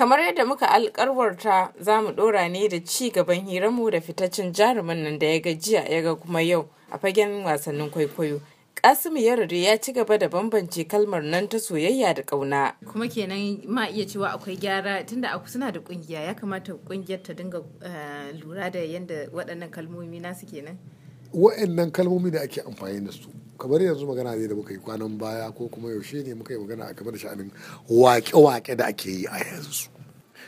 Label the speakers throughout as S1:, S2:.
S1: Kamar yadda muka alkarwarta za mu ɗora ne da ci gaban hiramu da fitaccen jarumin nan da ya ga jiya ya ga kuma yau a fagen wasannin kwaikwayo. Kasimu Yarda ya ci gaba da bambance kalmar nan ta soyayya da kauna. Kuma kenan ma iya cewa akwai gyara tunda aku suna da kungiya ya kamata kungiyar ta dinga eh, lura da yadda waɗannan kalmomi nasu kenan.
S2: Waɗannan kalmomi da ake amfani da su kamar yanzu magana ne da muka yi kwanan baya ko kuma yaushe ne muka yi magana a game da sha'anin wake-wake da ake yi a yanzu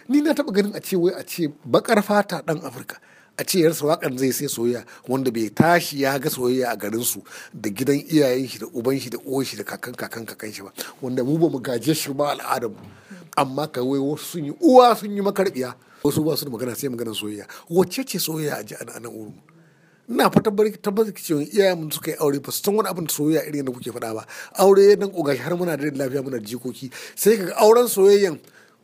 S2: ni na taba ganin a ce wai a ce bakar fata dan afirka a ce yarsa wakan zai sai soyayya wanda bai tashi ya ga soyayya a garin su da gidan iyayen shi da uban shi da uwan shi da kakan kakan kakan shi ba wanda mu bamu gaje shi ba al'adar mu amma wai wasu sun yi uwa sun yi makarbiya wasu ba su da magana sai magana soyayya wacce ce soyayya a ji a nan ina fata bari tabbatar ki cewa iyayen mun suka yi aure ba san wani abin soyayya irin yadda kuke faɗa ba aure dan kogashi har muna da lafiya muna da jikoki sai kaga auren soyayyan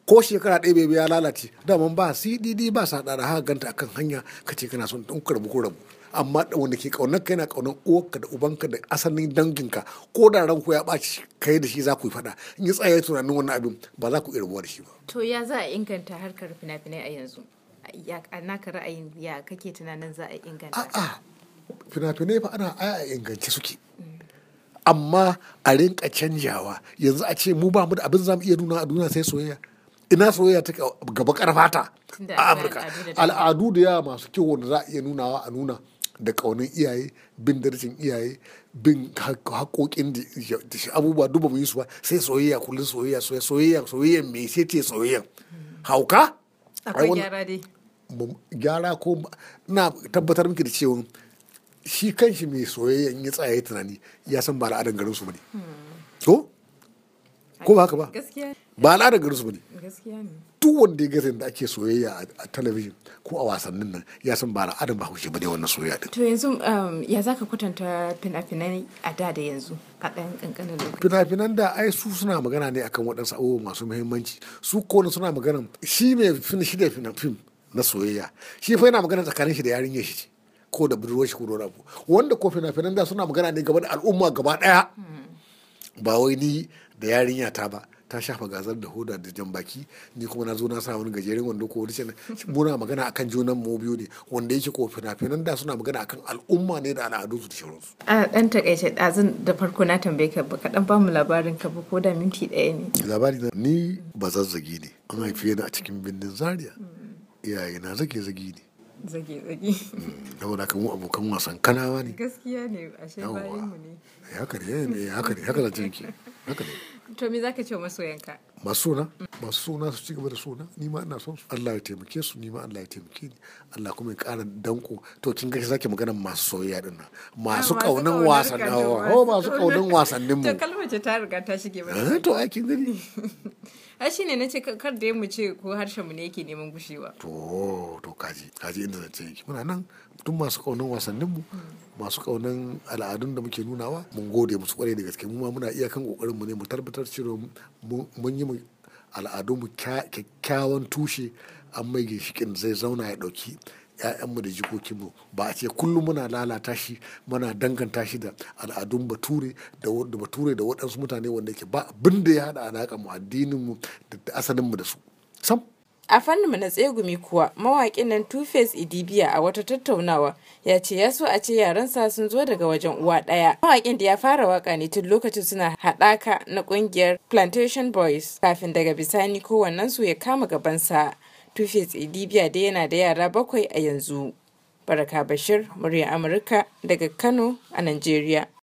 S2: ko shekara ɗaya bai ya lalace daman ba cdd ba sa ɗara ha ganta akan hanya ka ce kana son ɗan rabu ko rabu amma wanda ke ƙaunar ka yana ƙaunar uwarka da ubanka da asalin danginka ko da ran ya ɓaci ka yi da shi za ku yi faɗa in yi tsaye tunanin wannan abin ba za ku iya rabuwa da shi ba.
S1: to ya za a inganta harkar fina-finai a yanzu. ya naka ra'ayin ya kake tunanin za a inganta a'a
S2: fina-finai fa ana aya a inganta suke amma a rinka canjawa yanzu a ce mu ba mu da abin zamu iya nuna a duniya sai soyayya ina soyayya ta gaba karfata a amurka al'adu da yawa masu kyau da za a iya nunawa a nuna da ƙaunin iyaye bin darajin iyaye bin haƙoƙin da abubuwa duba mu yi su ba sai soyayya kullum soyayya soyayya soyayya soyayya me sai ce soyayya hmm. hauka
S1: akwai gyara dai
S2: gyara ko na tabbatar miki da cewa shi kanshi mai soyayya in ya tsaya tunani ya san ba al'adar garin su bane ko hmm. ko ba haka ba ba al'adar garin su bane duk wanda ya gaza da ake soyayya a talabijin ko a wasannin nan ya san ba al'adar ba haushe bane wannan soyayya din
S1: to yanzu um, ya zaka kwatanta fina-finan a da da yanzu a ɗan ƙanƙanin lokaci
S2: fina-finan da ai su suna magana ne akan waɗansu abubuwa masu muhimmanci su ko suna magana shi mai fin shi da fina-fin na soyayya shi fa yana magana tsakanin shi da yarinyar shi ko da budurwar shi ko da abu wanda ko fina-finan da suna magana ne gaba da al'umma gaba daya ba wai ni da yarinya ta ba ta shafa gazar da hoda da jan baki ni kuma na zo na sa wani gajeren wando ko wani cin muna magana akan junan mu biyu ne wanda yake ko fina-finan da suna magana akan al'umma ne da al'adu su da su.
S1: a dan takaice zan da farko na tambaye ka baka dan mu labarin ka ko da minti ɗaya ne.
S2: labari na ni ba ne an haife ni a cikin bindin zaria iyaye na zage zage
S1: ne zage zage hmm,
S2: saboda mu abokan wasan kanawa ne
S1: gaskiya ne ashe bayan mu ne
S2: eh, eh, haka ne haka ne haka da ya haka
S1: ne to me zaka ce masoyanka
S2: na? masu suna su ci gaba da suna ni ma ina son su Allah ya taimake su ni ma Allah ya taimake ni Allah kuma ya kara danko to kin ga sake magana masu soyayya din nan masu kaunan ah, wasan ho oh, masu kaunan wasannin mu to
S1: ce ta riga ta shige ba eh, to ai kin gani ai shine na ce kar da mu ce ko harshen mu ne yake neman gushewa
S2: to to kaji kaji inda zan ce yake muna nan tun masu kaunan wasannin mu masu kaunan al'adun da muke nunawa mun gode musu kwarai da gaske mu ma muna iyakan kokarin mu ne mu tabbatar cewa mun yi al'adunmu kyakkyawan tushe an mai ginshikin zai zauna ya ɗauki ‘ya'yanmu da jikokinmu ba a ce kullum muna lalata shi muna danganta shi da al'adun bature da bature da waɗansu mutane wanda ke ba abin ya haɗa alaƙa mu addininmu da asalinmu da su
S1: sam A fannin na tsegumi kuwa, mawaƙin nan Two-Face Idibia a wata tattaunawa ya ce ya so a ce yaransa sun zo daga wajen uwa ɗaya. Mawaƙin da ya fara waka ne tun lokacin suna haɗaka na ƙungiyar Plantation Boys kafin daga bisani kowannensu ya kama gabansa. Two-Face Idibia da yana da yara bakwai a yanzu. Baraka Bashir, murya Amurka daga Kano a Najeriya.